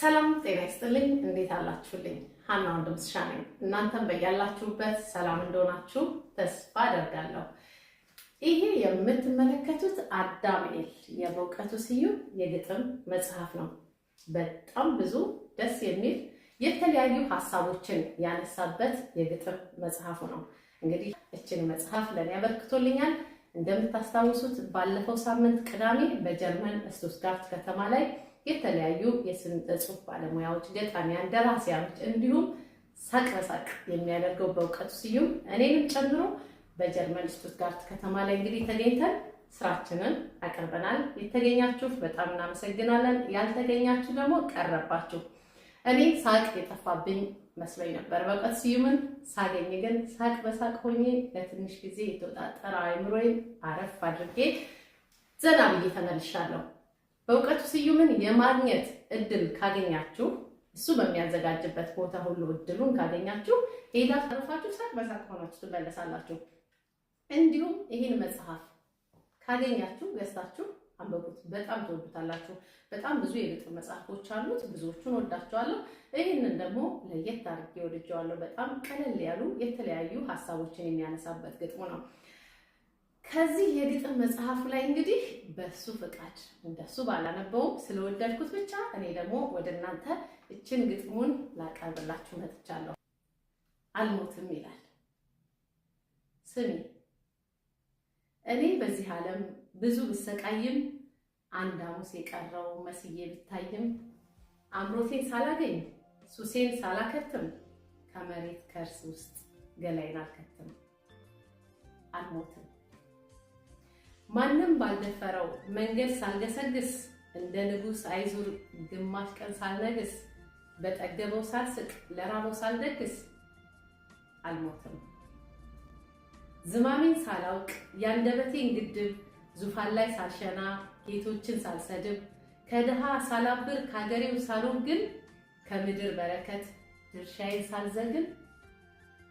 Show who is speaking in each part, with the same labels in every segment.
Speaker 1: ሰላም ጤና ይስጥልኝ። እንዴት አላችሁልኝ? ሀና ወንድምስሻ ነኝ። እናንተም በያላችሁበት ሰላም እንደሆናችሁ ተስፋ አደርጋለሁ። ይሄ የምትመለከቱት አዳምኤል የበውቀቱ ስዩም የግጥም መጽሐፍ ነው። በጣም ብዙ ደስ የሚል የተለያዩ ሀሳቦችን ያነሳበት የግጥም መጽሐፉ ነው። እንግዲህ እችን መጽሐፍ ለእኔ ያበርክቶልኛል። እንደምታስታውሱት ባለፈው ሳምንት ቅዳሜ በጀርመን ስቱትጋርት ከተማ ላይ የተለያዩ የስነ ጽሑፍ ባለሙያዎች፣ ገጣሚያን፣ ደራሲያኖች እንዲሁም ሳቅ በሳቅ የሚያደርገው በእውቀቱ ስዩም እኔንም ጨምሮ በጀርመን ስቱትጋርት ከተማ ላይ እንግዲህ ተገኝተን ስራችንን አቅርበናል። የተገኛችሁ በጣም እናመሰግናለን። ያልተገኛችሁ ደግሞ ቀረባችሁ። እኔ ሳቅ የጠፋብኝ መስሎኝ ነበር በእውቀቱ ስዩምን ሳገኝ፣ ግን ሳቅ በሳቅ ሆኜ ለትንሽ ጊዜ የተወጣጠረ አይምሮዬን አረፍ አድርጌ ዘና ብዬ ተመልሻለሁ። እውቀቱ ስዩምን የማግኘት እድል ካገኛችሁ እሱ በሚያዘጋጅበት ቦታ ሁሉ እድሉን ካገኛችሁ ሄዳ ተርፋችሁ ሳት በሳት ሆናችሁ ትመለሳላችሁ። እንዲሁም ይህን መጽሐፍ ካገኛችሁ ገዝታችሁ አንበቡት። በጣም ትወዱታላችሁ። በጣም ብዙ የግጥም መጽሐፎች አሉት። ብዙዎቹን ወዳቸዋለሁ። ይህንን ደግሞ ለየት አድርጌ ወድጀዋለሁ። በጣም ቀለል ያሉ የተለያዩ ሀሳቦችን የሚያነሳበት ግጥሙ ነው። ከዚህ የግጥም መጽሐፍ ላይ እንግዲህ በሱ ፍቃድ እንደሱ ባላነበውም ስለወደድኩት ብቻ እኔ ደግሞ ወደ እናንተ እችን ግጥሙን ላቀርብላችሁ መጥቻለሁ። አልሞትም ይላል። ስሚ፣ እኔ በዚህ ዓለም ብዙ ብሰቃይም አንድ ሐሙስ የቀረው መስዬ ብታይም አምሮቴን ሳላገኝ ሱሴን ሳላከትም ከመሬት ከእርስ ውስጥ ገላይን አልከትም። አልሞትም ማንም ባልደፈረው መንገድ ሳልገሰግስ እንደ ንጉሥ አይዙር ግማሽ ቀን ሳልነግስ በጠገበው ሳልስቅ ለራበው ሳልደግስ አልሞትም። ዝማሜን ሳላውቅ የአንደበቴን ግድብ ዙፋን ላይ ሳልሸና ጌቶችን ሳልሰድብ ከድሃ ሳላብር ከሀገሬው ሳልሆን ግን ከምድር በረከት ድርሻዬን ሳልዘግን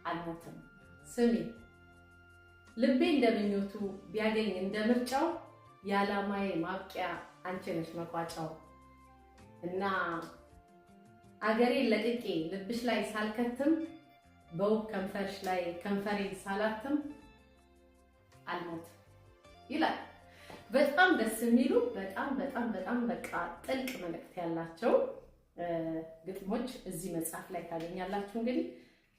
Speaker 1: አልሞትም። ስሚ ልቤ እንደምኞቱ ቢያገኝ እንደ ምርጫው የዓላማዬ ማብቂያ አንቺ ነሽ መቋጫው እና አገሬን ለቅቄ ልብሽ ላይ ሳልከትም በውብ ከንፈርሽ ላይ ከንፈሬ ሳላትም አልሞት ይላል። በጣም ደስ የሚሉ በጣም በጣም በጣም በቃ ጥልቅ መልእክት ያላቸው ግጥሞች እዚህ መጽሐፍ ላይ ታገኛላችሁ። እንግዲህ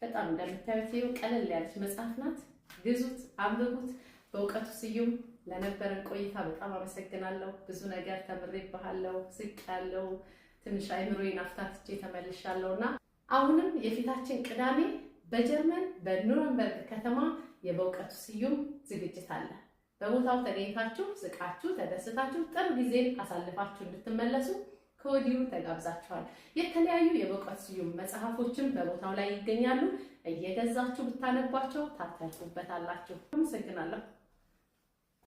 Speaker 1: በጣም እንደምታዩት ቀለል ያለች መጽሐፍ ናት። ግዙት፣ አንብቡት። በእውቀቱ ስዩም ለነበረን ቆይታ በጣም አመሰግናለሁ። ብዙ ነገር ተምሬባለሁ፣ ዝቅ ያለው ትንሽ አይምሮዬን አፍታትቼ ተመልሻለሁ እና አሁንም የፊታችን ቅዳሜ በጀርመን በኑረንበርግ ከተማ የበእውቀቱ ስዩም ዝግጅት አለ። በቦታው ተገኝታችሁ ዝቃችሁ ተደስታችሁ ጥሩ ጊዜ አሳልፋችሁ እንድትመለሱ ከወዲሁ ተጋብዛችኋል። የተለያዩ የእውቀት ስዩም መጽሐፎችን በቦታው ላይ ይገኛሉ። እየገዛችሁ ብታነቧቸው ታተርፉበታላችሁ። አመሰግናለሁ።